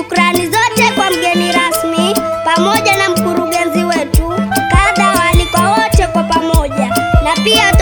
Shukrani zote kwa mgeni rasmi pamoja na mkurugenzi wetu, kada kwa wote kwa pamoja, na pia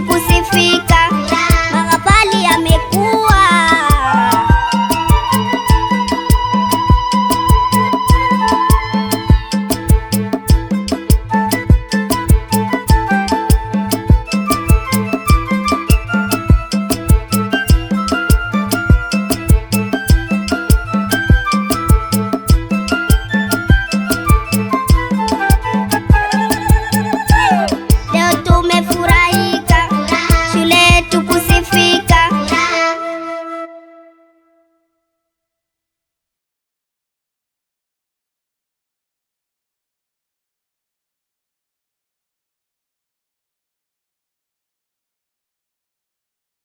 muito fica.